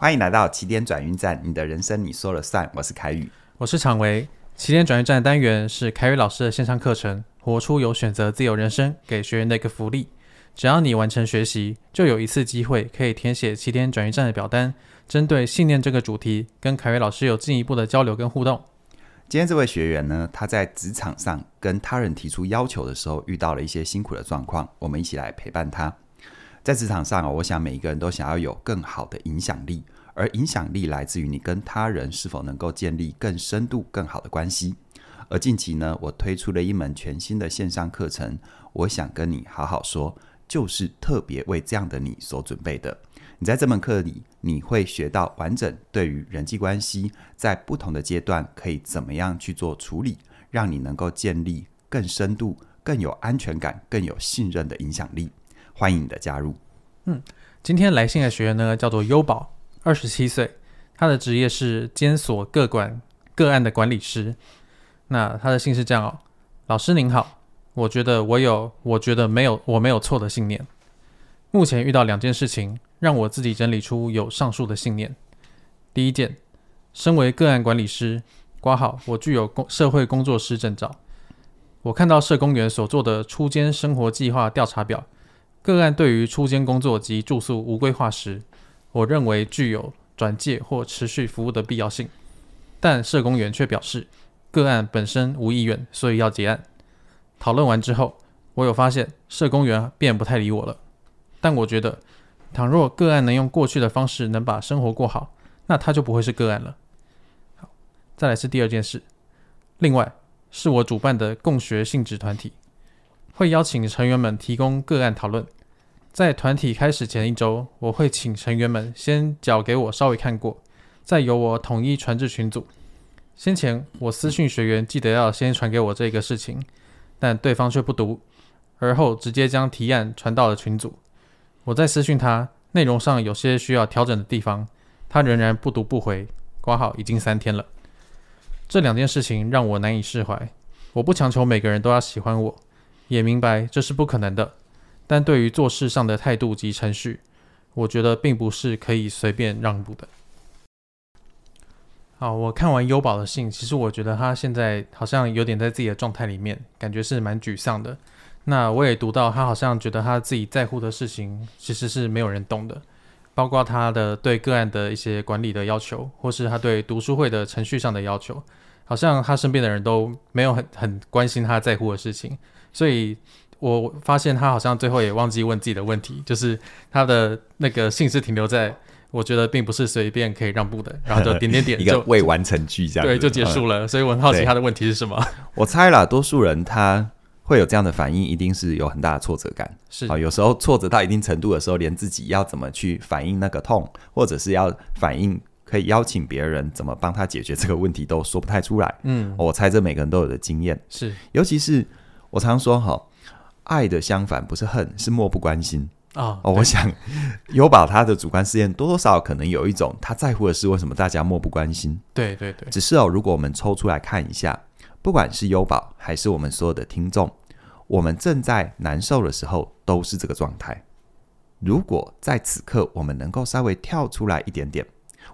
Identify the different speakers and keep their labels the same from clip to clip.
Speaker 1: 歡迎來到啟點轉運站，你的人生你說了算。我是凱宇，
Speaker 2: 我是常維。啟點轉運站的單元是凱宇老師的線上課程《活出有選擇自由人生》給學員的一個福利。只要你完成學習，就有一次機會可以填寫啟點轉運站的表單，針對信念這個
Speaker 1: 主題，跟凱宇老師有進一步的交流跟互動。今天這位學員呢，他在職場上跟他人提出要求的時候，遇到了一些辛苦的狀況，我們一起來陪伴他。在職場上，哦，我想每一個人都想要有更好的影響力，而影響力來自於你跟他人是否能夠建立更深度、更好的關係。而近期呢，我推出了一門全新的線上課程，我想跟你好好說，就是特別為這樣的你所準備的。你在這門課裡，你會學到完整對於人際關係在不同的階段可以怎麼樣去做處理，讓你能夠建立更深度、更有安全感、更有信任的影響力。歡迎你的加入。嗯，
Speaker 2: 今天來信的學員呢，叫做優寶，二十七歲，他的職業是監所各管個案的管理師。那他的信是這樣哦：老師您好，我覺得我有，我覺得沒有，我沒有錯的信念。目前遇到兩件事情，讓我自己整理出有上述的信念。第一件，身為個案管理師，括號我具有社社會工作師證照，我看到社工員所做的初監生活計劃調查表。個案對於出監工作及住宿無規劃時，我認為具有轉介或持續服務的必要性，但社工員卻表示個案本身無意願，所以要結案。討論完之後，我有發現社工員便不太理我了。但我覺得，倘若個案能用過去的方式能把生活過好，那他就不會是個案了。好，再來是第二件事，另外是我主辦的共學性質團體，會邀請成員們提供個案討論。在團體開始前一周，我會請成員們先繳給我稍微看過，再由我統一傳至群組。先前我私訊學員，記得要先傳給我這個事情，但對方卻不讀，而後直接將提案傳到了群組。我再私訊他，內容上有些需要調整的地方，他仍然不讀不回，掛號已經三天了。這兩件事情讓我難以釋懷。我不強求每個人都要喜歡我，也明白這是不可能的。但對於做事上的態度及程序，我覺得並不是可以隨便讓步的。好，我看完優寶的信，其實我覺得他現在好像有點在自己的狀態裡面，感覺是蠻沮喪的。那我也讀到他好像覺得他自己在乎的事情其實是沒有人懂的，包括他的對個案的一些管理的要求，或是他對讀書會的程序上的要求，好像他身邊的人都沒有很很關心他在乎的事情，所以。我發現他好像最後也忘記問自己的問題，就是他的那個性是停留在，我覺得並不是隨便可以讓步的，然後就點點點就一個未完成句這樣，對，就結束了。所以我很好奇他的問題是什麼。
Speaker 1: 我猜啦，多數人他會有這樣的反應，一定是有很大的挫折感。是啊、哦，有時候挫折到一定程度的時候，連自己要怎麼去反應那個痛，或者是要反應可以邀請別人怎麼幫他解決這個問題，都說不太出來。嗯、哦，我猜這每個人都有的經驗是，尤其是我常說哈。哦愛的相反不是恨，是漠不關心、oh, 哦，我想優寶對他的主觀試驗多多少少可能有一種，他在乎的是為什麼大家漠不關心。對對對。只是哦，如果我們抽出來看一下，不管是優寶還是我們所有的聽眾，我們正在難受的時候，都是這個狀態。如果在此刻我們能夠稍微跳出來一點點，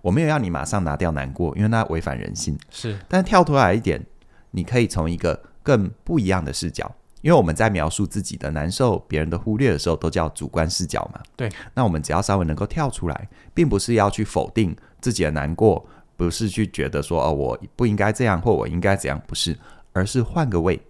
Speaker 1: 我沒有要你馬上拿掉難過，因為那違反人性。是，但跳出來一點，你可以從一個更不一樣的視角。因為我們在描述自己的難受、別人的忽略的時候，都叫主觀視角嘛。對。那我們只要稍微能夠跳出來，並不是要去否定自己的難過，不是去覺得說哦，我不應該這樣，或我應該怎樣，不是，而是換個位。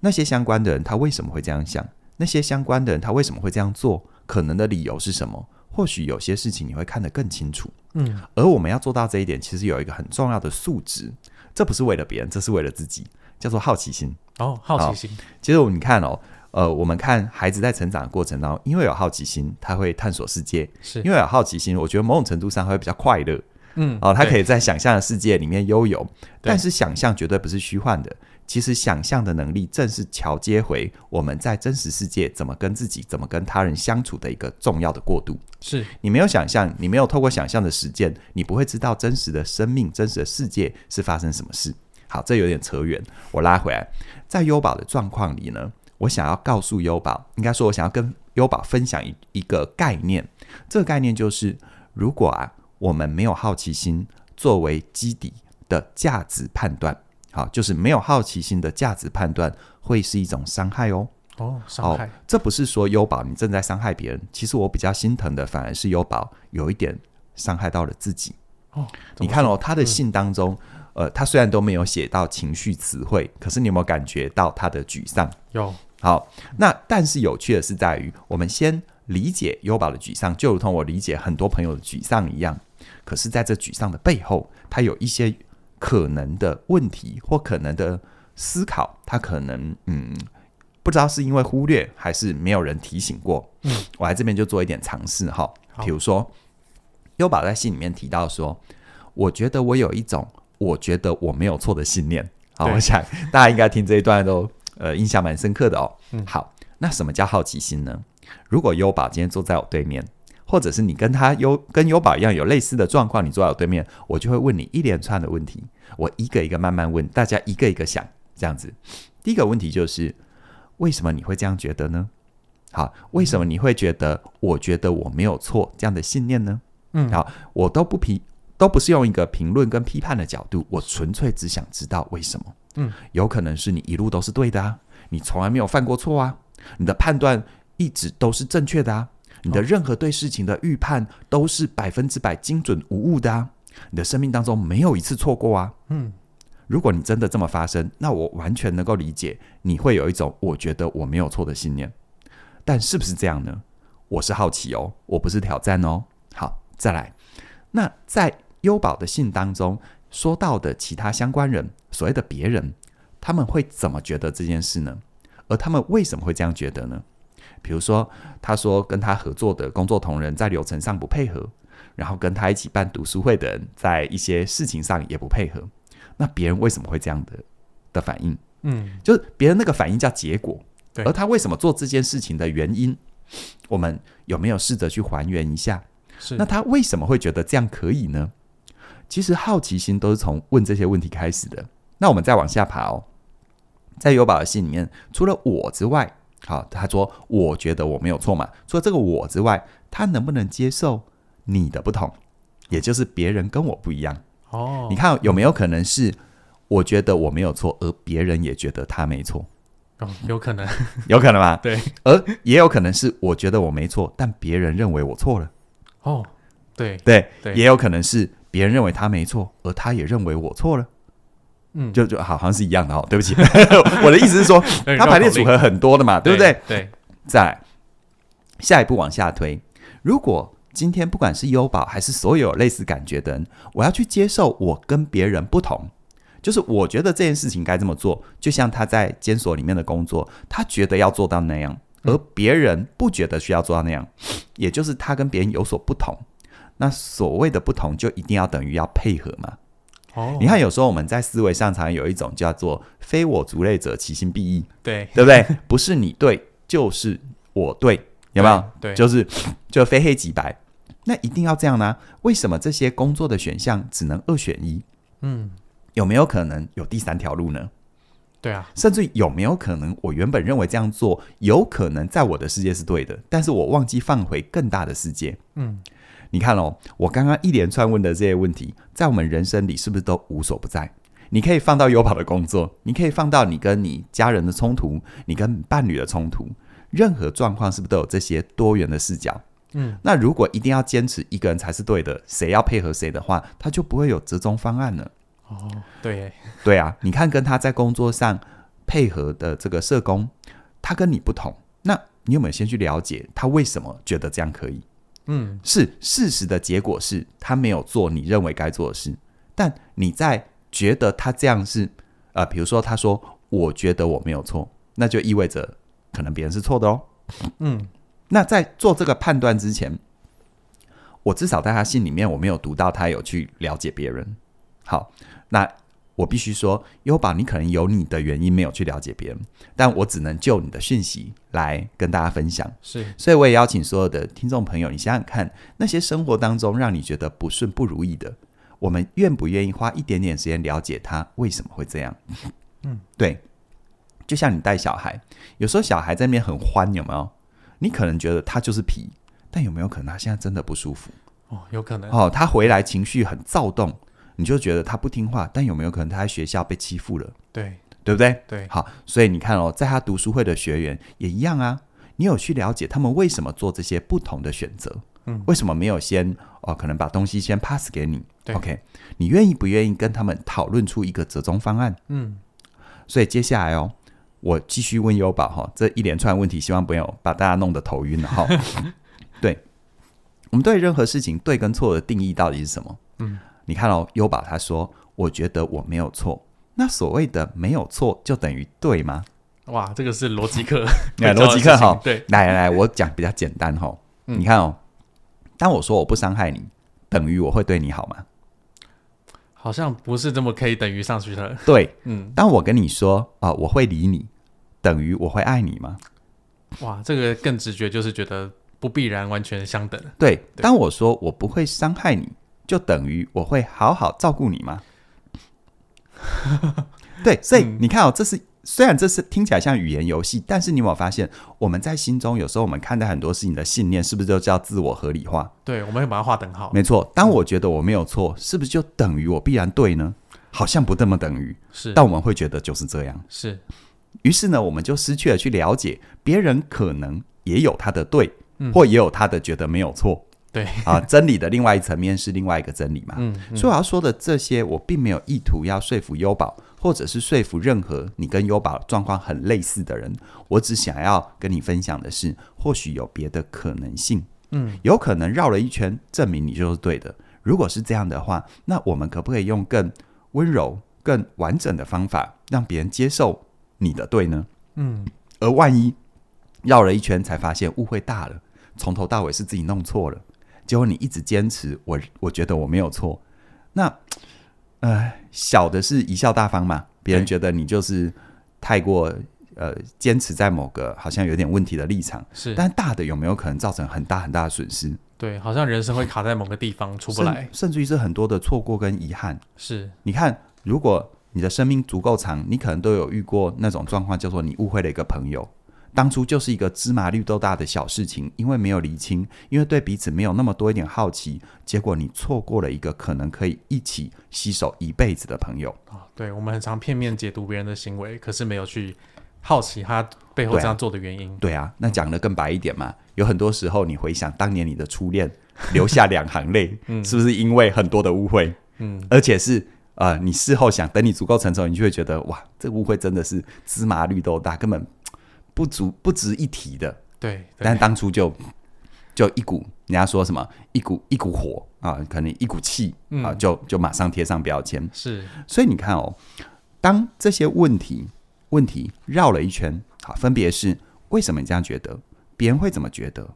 Speaker 1: 那些相關的人他為什麼會這樣想？那些相關的人他為什麼會這樣做？可能的理由是什麼？或許有些事情你會看得更清楚。嗯。而我們要做到這一點，其實有一個很重要的素質，這不是為了別人，這是為了自己。叫做好奇心哦，好奇心。其實我們看哦，呃，我們看孩子在成長的過程當中，因為有好奇心，他會探索世界。是因為有好奇心，我覺得某種程度上他會比較快樂。
Speaker 2: 嗯，哦，他可以
Speaker 1: 在想象的世界裡面悠游，對但是想象絕對不是虛幻的。對其實想象的能力，正是橋接回我們在真實世界怎麼跟自己、怎麼跟他人相處的一個重要的過渡。是你沒有想象，你沒有透過想象的實踐，你不會知道真實的生命、真實的世界是發生什麼事。好，這有點扯遠，我拉回來。在優寶的狀況裡呢，我想要告訴優寶，應該說，我想要跟優寶分享一一個概念。這個概念就是，如果啊，我們沒有好奇心作為基底的價值判斷，好，就是沒有好奇心的價值判斷，會是一種傷害哦。哦，傷害，哦，這不是說優寶你正在傷害別人，其實我比較心疼的，反而是優寶有一點傷害到了自己。哦，你看哦，他的信當中。呃，他雖然都沒有寫到情緒詞彙，可是你有沒有感覺到他的沮喪？有。好，那但是有趣的是，在於我們先理解優寶的沮喪，就如同我理解很多朋友的沮喪一樣。可是，在這沮喪的背後，他有一些可能的問題或可能的思考，他可能嗯，不知道是因為忽略還是沒有人提醒過。嗯，我來這邊就做一點嘗試哈，好比如說，優寶在信裡面提到說，我覺得我有一種。我覺得我沒有錯的信念。好，我想對 大家應該聽這一段都呃印象蠻深刻的哦。嗯，好，那什麼叫好奇心呢？如果優寶今天坐在我對面，或者是你跟他優跟優寶一樣有類似的狀況，你坐在我對面，我就會問你一連串的問題，我一個一個慢慢問，大家一個一個想這樣子。第一個問題就是，為什麼你會這樣覺得呢？好，為什麼你會覺得我覺得我沒有錯這樣的信念呢？嗯，好，我都不批。都不是用一個評論跟批判的角度，我純粹只想知道為什麼。嗯，有可能是你一路都是對的啊，你從來沒有犯過錯啊，你的判斷一直都是正確的啊，你的任何對事情的預判都是百分之百精準無誤的啊，你的生命當中沒有一次錯過啊。嗯，如果你真的這麼發生，那我完全能夠理解你會有一種我覺得我沒有錯的信念。但是不是這樣呢？我是好奇哦，我不是挑戰哦。好，再來。那在。優寶的信當中說到的其他相關人，所謂的別人，他們會怎麼覺得這件事呢？而他們為什麼會這樣覺得呢？比如說，他說跟他合作的工作同仁在流程上不配合，然後跟他一起辦讀書會的人在一些事情上也不配合，那別人為什麼會這樣的的反應？嗯，就是別人那個反應叫結果，對而他為什麼做這件事情的原因，我們有沒有試着去還原一下？是。那他為什麼會覺得這樣可以呢？其實好奇心都是從問這些問題開始的。那我們再往下爬哦，在尤寶的心裡面，除了我之外，好、哦，他說我覺得我沒有錯嘛。除了這個我之外，他能不能接受你的不同，也就是別人跟我不一樣哦？你看有沒有可能是我覺得我沒有錯，而別人也覺得他沒錯哦？有可能， 有可能吧？對，而也有可能是我覺得我沒錯，但別人認為我錯了
Speaker 2: 哦？對對對，對也
Speaker 1: 有可能是。別人認為他沒錯，而他也認為我錯了，嗯，就就好，好像是一樣的哦。對不起， 我的意思是說， 他排列組合很多的嘛，對，對不對？對，對再下一步往下推，如果今天不管是優寶還是所有類似感覺的人，我要去接受我跟別人不同，就是我覺得這件事情該這麼做，就像他在監所裡面的工作，他覺得要做到那樣，而別人不覺得需要做到那樣，嗯、也就是他跟別人有所不同。那所謂的不同，就一定要等於要配合嘛？哦，oh. 你看，有時候我們在思維上常有一種叫做“非我族類者，其心必異”，對對不對？ 不是你對，就是我對，有沒有？對，對就是就非黑即白。那一定要這樣呢、啊？為什麼這些工作的選項只能二選一？嗯，有沒有可能有第三條路呢？
Speaker 2: 對啊，
Speaker 1: 甚至有沒有可能，我原本認為這樣做有可能在我的世界是對的，但是我忘記放回更大的世界？嗯。你看哦，我剛剛一連串問的這些問題，在我們人生裡是不是都無所不在？你可以放到優保的工作，你可以放到你跟你家人的衝突，你跟你伴侶的衝突，任何狀況是不是都有這些多元的視角？嗯，那如果一定要堅持一個人才是對的，誰要配合誰的話，他就不會有折中方案了。
Speaker 2: 哦，對耶，
Speaker 1: 對啊，你看跟他在工作上配合的這個社工，他跟你不同，那你有沒有先去了解他為什麼覺得這樣可以？嗯，是事實的結果是，他沒有做你認為該做的事。但你在覺得他這樣是，呃，比如說他說，我覺得我沒有錯，那就意味着可能別人是錯的哦。嗯，那在做這個判斷之前，我至少在他心裡面，我沒有讀到他有去了解別人。好，那。我必須說，優寶，你可能有你的原因沒有去了解別人，但我只能就你的訊息來跟大家分享。是，所以我也邀請所有的聽眾朋友，你想想看，那些生活當中讓你覺得不順、不如意的，我們願不願意花一點點時間了解他為什麼會這樣？嗯，對。就像你帶小孩，有時候小孩在那邊很歡，有沒有？你可能覺得他就是皮，但有沒有可能他現在真的不舒服？哦，有可能。哦，他回來情緒很躁動。你就覺得他不聽話，但有沒有可能他在學校被欺負了？對，對不對？對。對。好，所以你看哦，在他讀書會的學員也一樣啊。你有去了解他們為什麼做這些不同的選擇？嗯，為什麼沒有先哦，可能把東西先 pass 給你對？OK，你願意不願意跟他們討論出一個折中方案？嗯。所以接下來哦，我繼續問優寶哈、哦，這一連串問題，希望不要把大家弄得頭暈了、哦。哈， 對，我們對任何事情對跟錯的定義到底是什麼？嗯。你看哦，優寶他說：“我覺得我沒有錯。”那所謂的沒有錯，就等於對嗎？
Speaker 2: 哇，這個是邏輯課，邏輯課哈。 對，
Speaker 1: 來，來來，我講比較簡單哈、哦。嗯、你看哦，當我說我不傷害你，等於我會對你好嗎？
Speaker 2: 好像不是這麼可以等於上去的。 對，嗯。
Speaker 1: 當我跟你說啊、呃，我會理你，等於我會愛你嗎？
Speaker 2: 哇，這個更直覺就是覺得不必然完全相等。對，對
Speaker 1: 當我說我不會傷害你。就等於我會好好照顧你嗎？ 對，所以你看哦，嗯、這是雖然這是聽起來像語言遊戲，但是你有沒有發現，我們在心中有時候我們看待很多事情的信念，是不是就叫自我合理化？
Speaker 2: 對，我們會把它劃等號。沒
Speaker 1: 錯，當我覺得我沒有錯，是不是就等於我必然對呢？好像不這麼等於，是，但我們會覺得就是這樣。是，於是呢，我們就失去了去了解別人可能也有他的對，嗯、或也有他的覺得沒有錯。對 啊，真理的另外一層面是另外一個真理嘛。嗯，嗯，所以我要說的這些，我並沒有意圖要說服優寶，或者是說服任何你跟優寶狀況很類似的人。我只想要跟你分享的是，或許有別的可能性。嗯，有可能繞了一圈，證明你就是對的。如果是這樣的話，那我們可不可以用更溫柔、更完整的方法，讓別人接受你的對呢？嗯，而萬一繞了一圈才發現誤會大了，從頭到尾是自己弄錯了。結果你一直堅持，我我覺得我沒有錯。那，唉、呃，小的是貽笑大方嘛，別人覺得你就是太過呃堅持在某個好像有點問題的立場。是，但大的有沒有可能造成很大很大的損失？
Speaker 2: 對，好像人生會卡在某個地方出不來，甚，
Speaker 1: 甚至於是很多的錯過跟遺憾。是，你看，如果你的生命足夠長，你可能都有遇過那種狀況，叫做你誤會了一個朋友。當初就是一個芝麻綠豆大的小事情，因為沒有釐清，因為對彼此沒有那麼多一點好奇，結果你錯過了一個可能可以一起攜手一輩子的朋友啊！
Speaker 2: 對，我們很常片面解讀別人的行為，可是沒有去好奇他背後這樣做的原因。對啊，對啊，
Speaker 1: 那講得更白一點嘛，嗯、有很多時候你回想當年你的初戀，留下兩行淚， 嗯、是不是因為很多的誤會？嗯，而且是呃，你事後想，等你足夠成熟，你就會覺得哇，這個誤會真的是芝麻綠豆大，根本。不足不值一提的。對，對，但當初就就一股人家說什麼一股一股火啊，可能一股氣、嗯、啊，就就馬上貼上標籤。是，所以你看哦，當這些問題問題繞了一圈，好，分別是為什麼你這樣覺得，別人會怎麼覺得？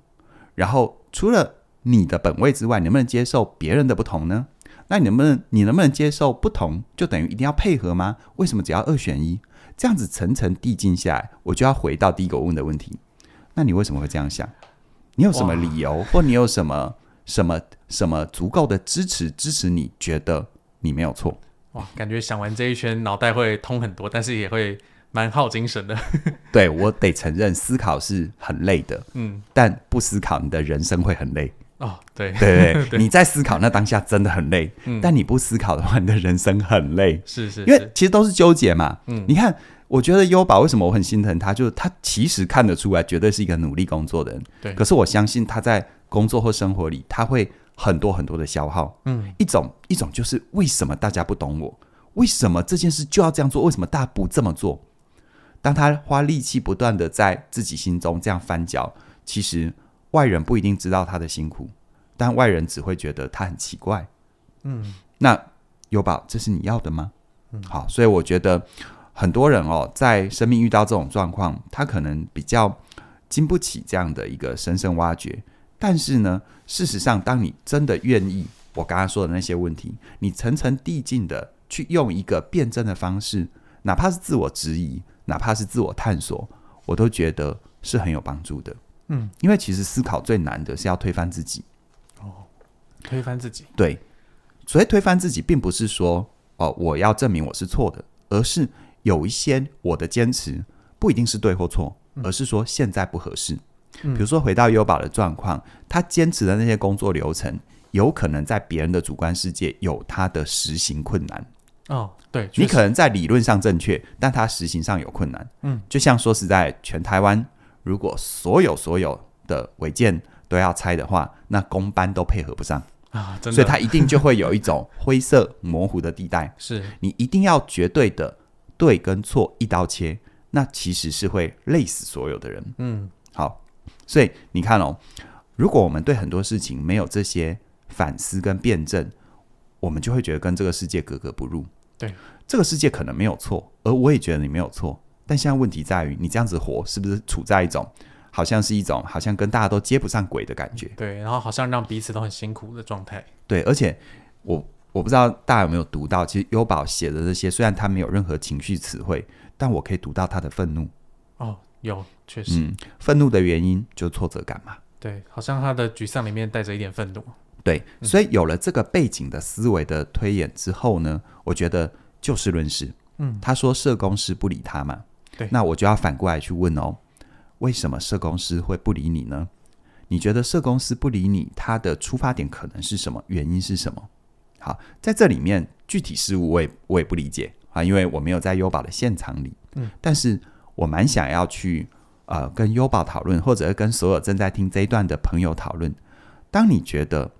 Speaker 1: 然後除了你的本位之外，你能不能接受別人的不同呢？那你能不能你能不能接受不同，就等於一定要配合嗎？為什麼只要二選一？這樣子層層遞進下來，我就要回到第一個問的問題。那你為什麼會這樣想？你有什麼理由，哇或你有什麼什麼什麼足夠的支持支持你覺得你沒有錯？
Speaker 2: 哇，感覺想完這一圈，腦袋會通很多，但是也會蠻耗精神的。
Speaker 1: 對，我得承認，思考是很累的。嗯，但不思考，你的人生會很累。哦，對，對對對，對你在思考那當下真的很累。嗯，但你不思考的話，你的人生很累。是，是是，因為其實都是糾結嘛。嗯，你看。我覺得優寶，為什麼我很心疼他？就是他其實看得出來，絕對是一個努力工作的人。對。可是我相信他在工作或生活裡，他會很多很多的消耗。嗯，一種一種就是為什麼大家不懂我？為什麼這件事就要這樣做？為什麼大家不這麼做？當他花力氣不斷的在自己心中這樣翻攪，其實外人不一定知道他的辛苦，但外人只會覺得他很奇怪。嗯。那優寶，這是你要的嗎？嗯。好，所以我覺得。很多人哦，在生命遇到這種狀況，他可能比較經不起這樣的一個深深挖掘。但是呢，事實上，當你真的願意我剛剛說的那些問題，你層層遞進的去用一個辯證的方式，哪怕是自我質疑，哪怕是自我探索，我都覺得是很有幫助的。嗯，因為其實思考最難的是要推翻自己。哦，
Speaker 2: 推翻自己。
Speaker 1: 對，所以推翻自己並不是說哦，我要證明我是錯的，而是。有一些我的堅持不一定是對或錯，嗯、而是說現在不合適。嗯、比如說回到優保的狀況，他堅持的那些工作流程，有可能在別人的主觀世界有他的實行困難。哦，對，你可能在理論上正確，嗯、但他實行上有困難。嗯，就像說實在，全台灣如果所有所有的違建都要拆的話，那工班都配合不上啊，所以他一定就會有一種灰色模糊的地帶。 是你一定要絕對的對跟錯一刀切，那其實是會累死所有的人。嗯，好，所以你看哦，如果我們對很多事情沒有這些反思跟辯證，我們就會覺得跟這個世界格格不入。對，這個世界可能沒有錯，而我也覺得你沒有錯。但現在問題在於，你這樣子活是不是處在一種好像是一種好像跟大家都接不上軌的感覺？
Speaker 2: 對，然後好像讓彼此都很辛苦的狀態。
Speaker 1: 對，而且我。我不知道大家有沒有讀到，其實優寶寫的這些，雖然他沒有任何情緒詞彙，但我可以讀到他的憤怒。哦，有，確實，嗯，憤怒的原因就是挫折感嘛。對，
Speaker 2: 好像他的沮喪裡面帶着一點憤怒。
Speaker 1: 對，所以有了這個背景的思維的推演之後呢，嗯、我覺得就事論事。嗯，他說社公司不理他嘛，對、嗯，那我就要反過來去問哦，為什麼社公司會不理你呢？你覺得社公司不理你，他的出發點可能是什麼？原因是什麼？好，在這裡面具體事物我也我也不理解啊，因為我沒有在優寶的現場裡。嗯，但是我蠻想要去呃跟優寶討論，或者是跟所有正在聽這一段的朋友討論。當你覺得，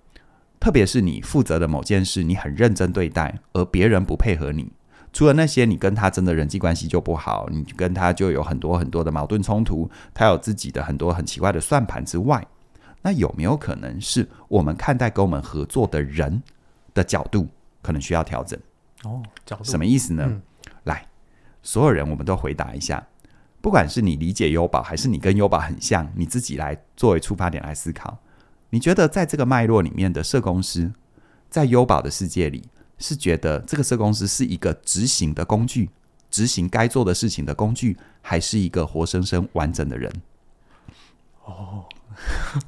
Speaker 1: 特別是你負責的某件事，你很認真對待，而別人不配合你，除了那些你跟他真的人際關係就不好，你跟他就有很多很多的矛盾衝突，他有自己的很多很奇怪的算盤之外，那有沒有可能是我們看待跟我們合作的人的角度可能需要調整哦，
Speaker 2: 角度什麼意思呢？嗯、
Speaker 1: 來，所有人我們都回答一下，不管是你理解優寶，還是你跟優寶很像，你自己來作為出發點來思考。你覺得在這個脈絡裡面的社工師，在優寶的世界裡，是覺得這個社工師是一個執行的工具，執行該做的事情的工具，還是一個活生生完整的人？哦，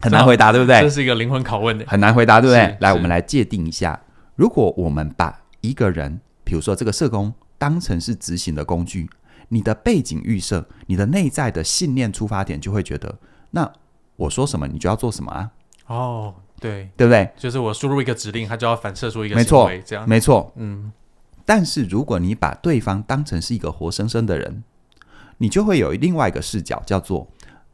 Speaker 1: 很難回答，對不對？這是
Speaker 2: 一個靈魂拷問的，很難回答，對不對？來，我們
Speaker 1: 來界定一下。如果我們把一個人，比如說這個社工，當成是執行的工具，你的背景預設、你的內在的信念出發點，就會覺得，那我說什麼，你就要做什麼啊？
Speaker 2: 哦，對，對不對？就是我輸入一個指令，它就要反射出一個，沒錯，這樣，沒錯，嗯。
Speaker 1: 但是如果你把對方當成是一個活生生的人，你就會有另外一個視角，叫做。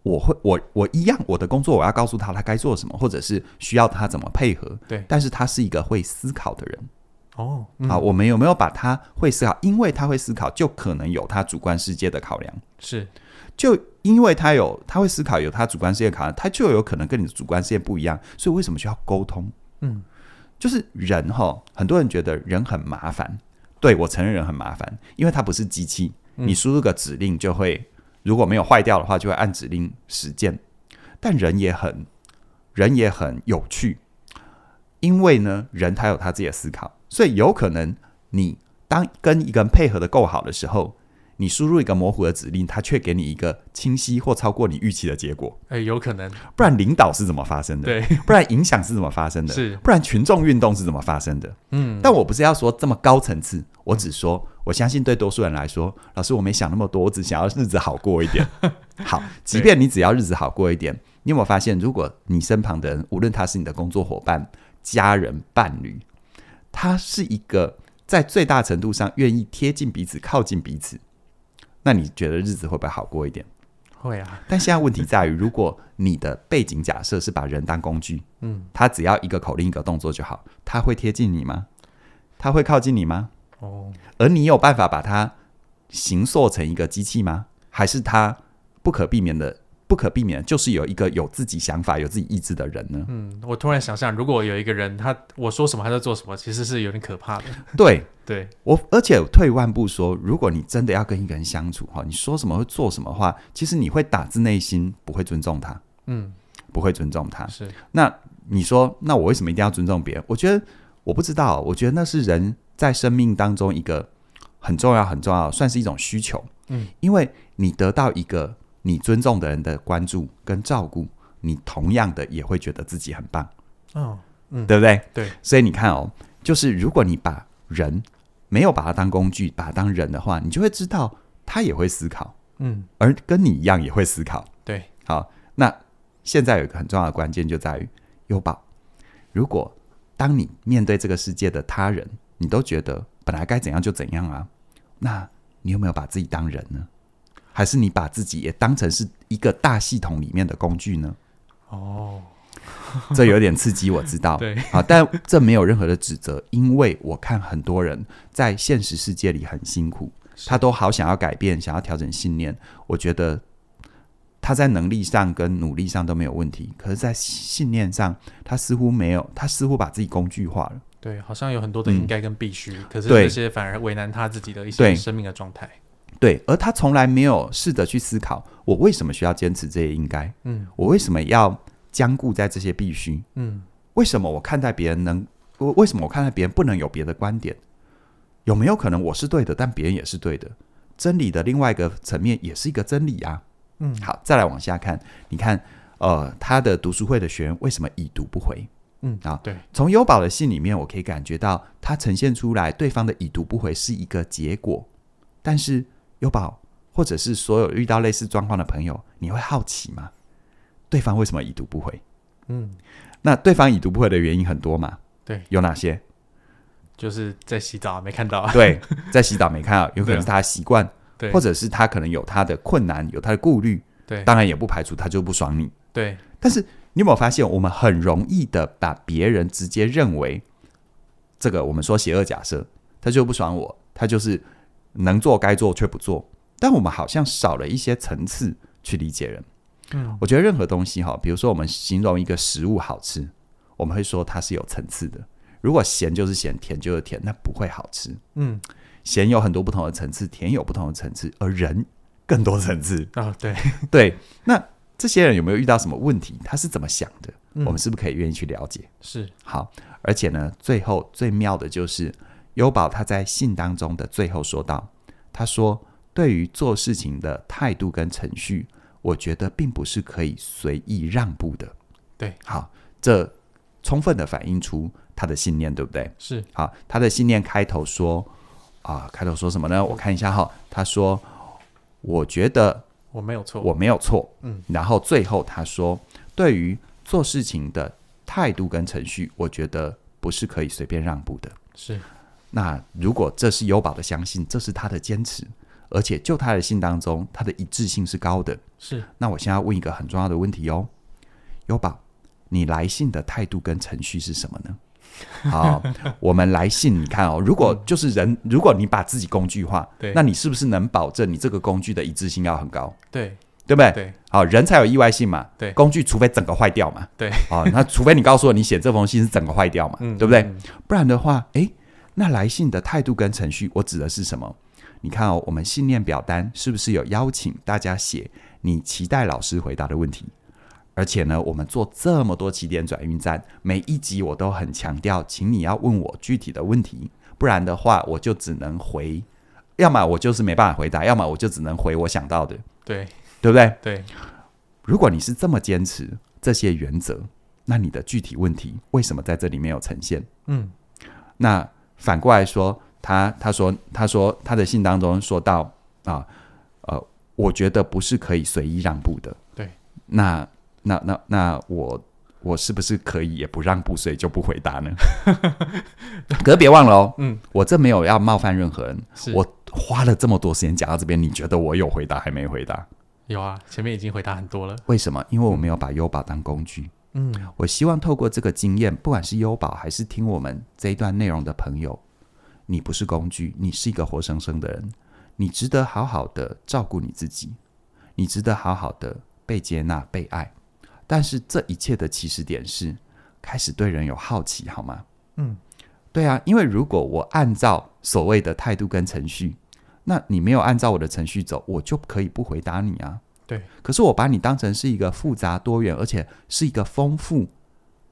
Speaker 1: 我會我我一樣，我的工作我要告訴他他該做什麼，或者是需要他怎麼配合。對，但是他是一個會思考的人。
Speaker 2: 哦，嗯，好，
Speaker 1: 我們有沒有把他會思考？因為他會思考，就可能有他主觀世界的考量。是，就因為他有他會思考，有他主觀世界的考量，他就有可能跟你的主觀世界不一樣。所以為什麼需要溝通？嗯，就是人哈，很多人覺得人很麻煩。對，我承認人很麻煩，因為他不是機器，你輸入個指令就會。如果沒有壞掉的話，就會按指令實踐。但人也很，人也很有趣，因為呢，人他有他自己的思考，所以有可能你當跟一個人配合的夠好的時候，你輸入一個模糊的指令，它卻給你一個清晰或超過你預期的結果。
Speaker 2: 誒、欸，有可能。
Speaker 1: 不然領導是怎麼發生的？對，不然影響是怎麼發生的？是，不然群眾運動是怎麼發生的？嗯，但我不是要說這麼高層次，我只說，我相信對多數人來說，嗯、老師我沒想那麼多，我只想要日子好過一點。 好，即便你只要日子好過一點，對你有沒有發現，如果你身旁的人，無論他是你的工作夥伴、家人、伴侶，他是一個在最大程度上願意貼近彼此、靠近彼此。那你覺得日子會不會好過一點？會啊。但現在問題在於， 如果你的背景假設是把人當工具，嗯，他只要一個口令、一個動作就好，他會貼近你嗎？他會靠近你嗎？哦。而你有辦法把它形塑成一個機器嗎？還是它不可避免的？不可避免，就是有一個有自己想法、有自己意志的人呢。嗯，
Speaker 2: 我突然想象，如果有一個人，他我說什麼，他在做什麼，其實是有點可怕的。
Speaker 1: 對， 對我，而且退一萬步說，如果你真的要跟一個人相處，哈，你說什麼或做什麼話，其實你會打自內心不會尊重他。嗯，不會尊重他。是，那你說，那我為什麼一定要尊重別人？我覺得我不知道，我覺得那是人在生命當中一個很重要、很重要，算是一種需求。嗯，因為你得到一個。你尊重的人的關注跟照顧，你同樣的也會覺得自己很棒，哦，嗯，對不對？對，所以你看哦，就是如果你把人沒有把他當工具，把他當人的話，你就會知道他也會思考，嗯，而跟你一樣也會思考，對，好，那現在有一個很重要的關鍵就在於擁抱。如果當你面對這個世界的他人，你都覺得本來該怎樣就怎樣啊，那你有沒有把自己當人呢？還是你把自己也當成是一個大系統裡面的工具呢？哦，oh. 這有點刺激，我知道。對，好，但這沒有任何的指責，因為我看很多人在現實世界裡很辛苦，是他都好想要改變，想要調整信念。我覺得他在能力上跟努力上都沒有問題，可是，在信念上，他似乎沒有，他似乎把自己工具化了。對，好像有很多的應該跟必須，嗯、可是這些
Speaker 2: 反而為難他自己的一些生命的狀態。
Speaker 1: 對，而他從來沒有試着去思考，我為什麼需要堅持這些應該？嗯，我為什麼要僵固在這些必須？嗯，為什麼我看待別人能？為什麼我看待別人不能有別的觀點？有沒有可能我是對的，但別人也是對的？真理的另外一個層面也是一個真理啊。嗯，好，再來往下看，你看，呃，他的讀書會的學員為什麼已讀不回？嗯啊，好對，從優寶的信裡面，我可以感覺到他呈現出來對方的已讀不回是一個結果，但是。有寶，或者是所有遇到類似狀況的朋友，你會好奇嗎？對方為什麼已讀不回？
Speaker 2: 嗯，
Speaker 1: 那對方已讀不回的原因很多嘛？對，有哪些？
Speaker 2: 就是在洗澡沒看到啊，對，在洗澡沒看到， 有可能是他的習慣，對、啊，或者
Speaker 1: 是他可能有他的困難，有他的顧慮，對，當然也不排除他就不爽你，對。但是你有沒有發現，我們很容易的把別人直接認為，這個我們說邪惡假設，他就不爽我，他就是。能做該做卻不做，但我們好像少了一些層次去理解人。嗯，我覺得任何東西哈，比如說我們形容一個食物好吃，我們會說它是有層次的。如果鹹就是鹹，甜就是甜，那不會好吃。嗯，鹹有很多不同的層次，甜有不同的層次，而人更多層次啊、哦。對 對，那這些人有沒有遇到什麼問題？他是怎麼想的？嗯、我們是不是可以願意去了解？是好，而且呢，最後最妙的就是。優寶他在信當中的最後說到：“他說，對於做事情的態度跟程序，我覺得並不是可以隨意讓步的。對，好，這充分地反映出他的信念，對不對？是，好，他的信念開頭說，啊，開頭說什麼呢？我看一下哈、哦，他說，我覺得我沒有錯，我沒有錯，我沒有錯，嗯。然後最後他說，對於做事情的態度跟程序，我覺得不是可以隨便讓步的，是。”那如果這是優寶的相信，這是他的堅持，而且就他的信當中，他的一致性是高的。是，那我先要問一個很重要的問題哦，優寶，你來信的態度跟程序是什麼呢？
Speaker 2: 好，
Speaker 1: 我們來信，你看哦，如果就是人，如果你把自己工具化，對，那你是不是能保證你這個工具的一致性要很高？對，對不對？對，好，人才有意外性嘛，對，工具除非整個壞掉嘛，對，哦，那除非你告訴我你寫這封信是整個壞掉嘛，對不對？不然的話，哎。那來信的態度跟程序，我指的是什麼？你看哦，我們信念表單是不是有邀請大家寫你期待老師回答的問題？而且呢，我們做這麼多啟點轉運站，每一集我都很強調，請你要問我具體的問題，不然的話，我就只能回，要麼我就是沒辦法回答，要麼我就只能回我想到的。對，對不對？對。如果你是這麼堅持這些原則，那你的具體問題為什麼在這裡沒有呈現？嗯，那。反過來說，他他說他說他的信當中說到啊呃，我覺得不是可以隨意讓步的。對，那那那那我我是不是可以也不讓步，所以就不回答呢？ 可別忘了哦，嗯，我這沒有要冒犯任何人。是我花了這麼多時間講到這邊，你覺得我有回答還沒回答？
Speaker 2: 有啊，前面已經回答很多了。
Speaker 1: 為什麼？因為我沒有把優盤當工具。嗯，我希望透過這個經驗，不管是優寶還是聽我們這一段內容的朋友，你不是工具，你是一個活生生的人，你值得好好的照顧你自己，你值得好好的被接納被愛。但是這一切的起始點是開始對人有好奇，好嗎？嗯，對啊，因為如果我按照所謂的態度跟程序，那你沒有按照我的程序走，我就可以不回答你啊。對，可是我把你當成是一個複雜多元，而且是一個豐富、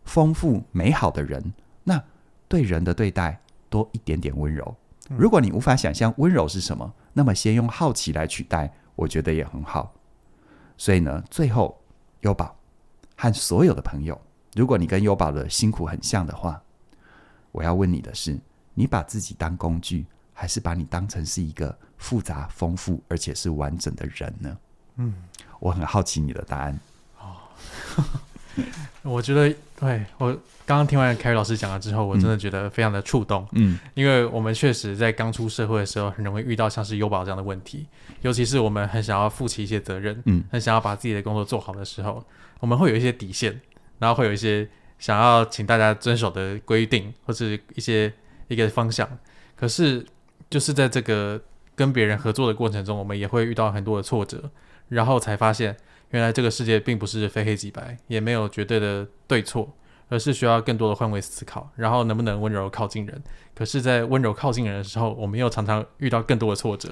Speaker 1: 豐富美好的人。那對人的對待多一點點溫柔。嗯。如果你無法想象溫柔是什麼，那麼先用好奇來取代，我覺得也很好。所以呢，最後優寶和所有的朋友，如果你跟優寶的辛苦很像的話，我要問你的是：你把自己當工具，還是把你當成是一個複雜、豐富，而且是完整的人呢？嗯，我很好奇你的答案。
Speaker 2: 哦， 我覺得，對，我剛剛聽完凱宇老師講了之後，我真的覺得非常的觸動。嗯，因為我們確實在剛出社會的時候，很容易遇到像是優寶這樣的問題，尤其是我們很想要負起一些責任，嗯，很想要把自己的工作做好的時候，我們會有一些底線，然後會有一些想要請大家遵守的規定，或是一些一個方向。可是，就是在這個跟別人合作的過程中，我們也會遇到很多的挫折。然後才發現，原來這個世界並不是非黑即白，也沒有絕對的對錯，而是需要更多的換位思考。然後能不能溫柔靠近人？可是，在溫柔靠近人的時候，我們又常常遇到更多的挫折。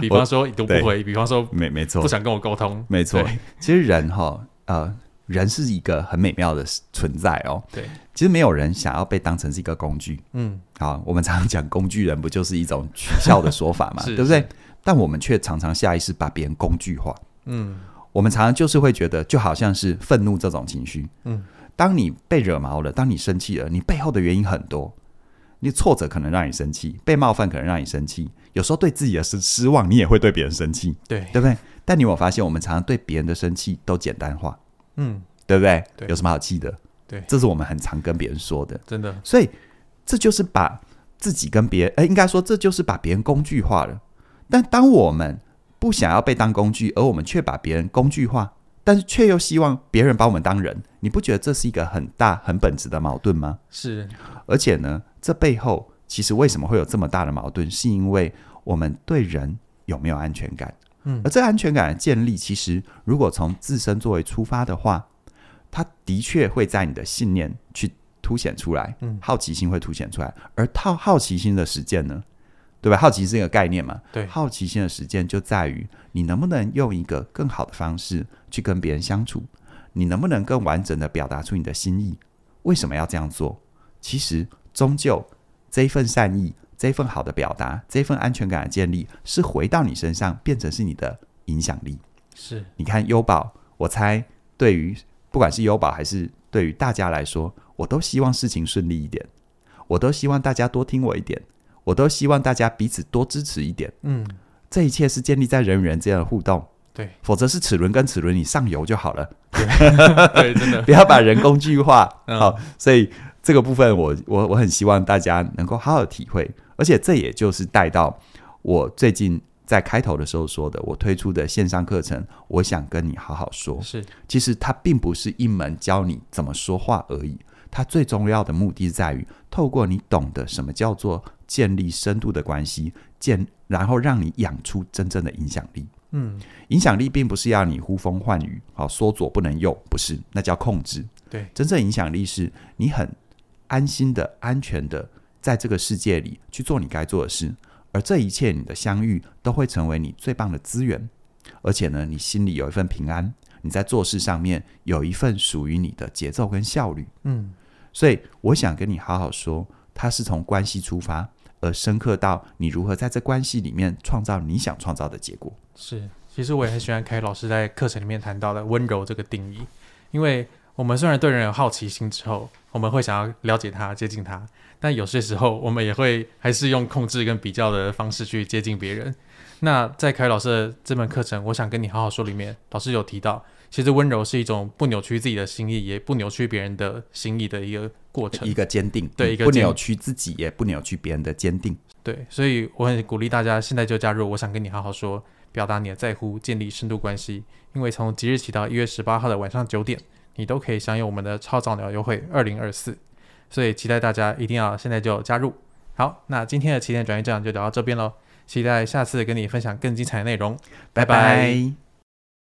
Speaker 2: 比方說，已讀不回； 對比方說沒，沒沒錯，不想跟我溝通。沒錯，
Speaker 1: 對其實人哈、哦，呃，人是一個很美妙的存在哦。對，其實沒有人想要被當成是一個工具。嗯，好，我們常常講工具人，不就是一種取笑的說法嘛？ 是是對不對？但我們卻常常下意識把別人工具化。嗯，我們常常就是會覺得，就好像是憤怒這種情緒。嗯，當你被惹毛了，當你生氣了，你背後的原因很多。你挫折可能讓你生氣，被冒犯可能讓你生氣，有時候對自己的失失望，你也會對別人生氣。對，對不對？但你有沒有發現，我們常常對別人的生氣都簡單化。嗯，對不對？對，有什麼好氣的？對，這是我們很常跟別人說的。真的。所以這就是把自己跟別人，哎、欸，應該說這就是把別人工具化了。但當我們不想要被當工具，而我們卻把別人工具化，但是卻又希望別人把我們當人，你不覺得這是一個很大、很本質的矛盾嗎？是。而且呢，這背後其實為什麼會有這麼大的矛盾，是因為我們對人有沒有安全感？嗯，而這安全感的建立，其實如果從自身作為出發的話，它的確會在你的信念去凸顯出來，嗯，好奇心會凸顯出來，而套好奇心的實踐呢？對吧？好奇是一個概念嘛？對，好奇心的實踐就在於你能不能用一個更好的方式去跟別人相處，你能不能更完整的表達出你的心意？為什麼要這樣做？其實，終究這一份善意、這一份好的表達、這一份安全感的建立，是回到你身上變成是你的影響力。是，你看優寶，我猜對於不管是優寶還是對於大家來說，我都希望事情順利一點，我都希望大家多聽我一點。我都希望大家彼此多支持一點，嗯，這一切是建立在人與人之間的互動，對，否則是齒輪跟齒輪，你上游就好了，對， 對，真的不要把人工具化，嗯、好，所以這個部分我我我很希望大家能夠好好體會，而且這也就是帶到我最近在開頭的時候說的，我推出的線上課程，我想跟你好好說，是，其實它並不是一門教你怎麼說話而已，它最重要的目的在於透過你懂得什麼叫做。建立深度的關係，建然後讓你養出真正的影響力。嗯，影響力並不是要你呼風喚雨，好、哦、說左不能右，不是，那叫控制。對，真正影響力是，你很安心的、安全的，在這個世界裡去做你該做的事，而這一切你的相遇都會成為你最棒的資源。而且呢，你心裡有一份平安，你在做事上面有一份屬於你的節奏跟效率。嗯，所以我想跟你好好說，它是從關係出發。而深刻到你如何在這關係裡面創造你想創造的結果。
Speaker 2: 是，其實我也很喜歡凱老師在課程裡面談到的溫柔這個定義，因為我們雖然對人有好奇心之後，我們會想要了解他、接近他，但有些時候我們也會還是用控制跟比較的方式去接近別人。那在凱老師的這門課程，我想跟你好好說裡面，老師有提到，其實溫柔是一種不扭曲自己的心意，也不扭曲別人的心意的一個過程，一個堅定，對，一個堅定不扭
Speaker 1: 曲自己，也不扭曲別人的堅定。
Speaker 2: 對，所以我很鼓勵大家現在就加入。我想跟你好好說，表達你的在乎，建立深度關係。因為從即日起到一月十八號的晚上九點，你都可以享有我們的超早鳥優惠二零二四。所以期待大家一定要現在就加入。好，那今天的起點轉運站就聊到這邊嘍。期待下次跟你分享更精彩的內容，拜拜。拜拜。